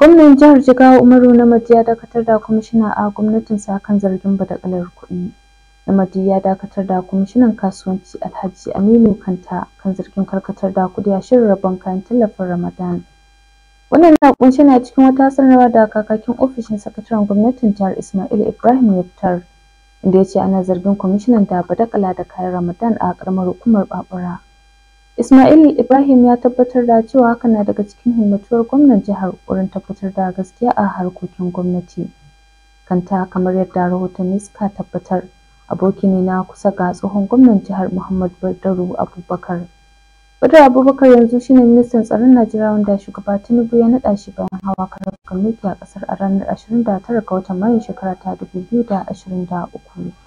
Gwamnan jihar Jigawa Umaru Namadi ya dakatar da kwamishina a gwamnatinsa kan zargin badakalar kuɗi. Namadi ya dakatar da kwamishinan kasuwanci Alhaji Aminu Kanta kan zargin karkatar da kuɗi a shirin rabon kayan tallafin Ramadan. Wannan na kunshi na cikin wata sanarwa da kakakin ofishin sakataren gwamnatin jihar Ismail Ibrahim ya fitar, inda ya ce ana zargin kwamishinan da badakala da kayan Ramadan a karamar hukumar Babura. Ismail Ibrahim ya tabbatar da cewa hakan na daga cikin himmatuwar gwamnan jihar wurin tabbatar da gaskiya a harkokin gwamnati. Kanta kamar yadda rahotanni suka tabbatar aboki ne na kusa ga tsohon gwamnan jihar Muhammad Badaru Abubakar. Badaru Abubakar yanzu shine ministan tsaron Najeriya wanda shugaba Tinubu ya naɗa shi bayan hawa karar mulki a ƙasar a ranar 29 ga watan Mayu shekara ta 2023.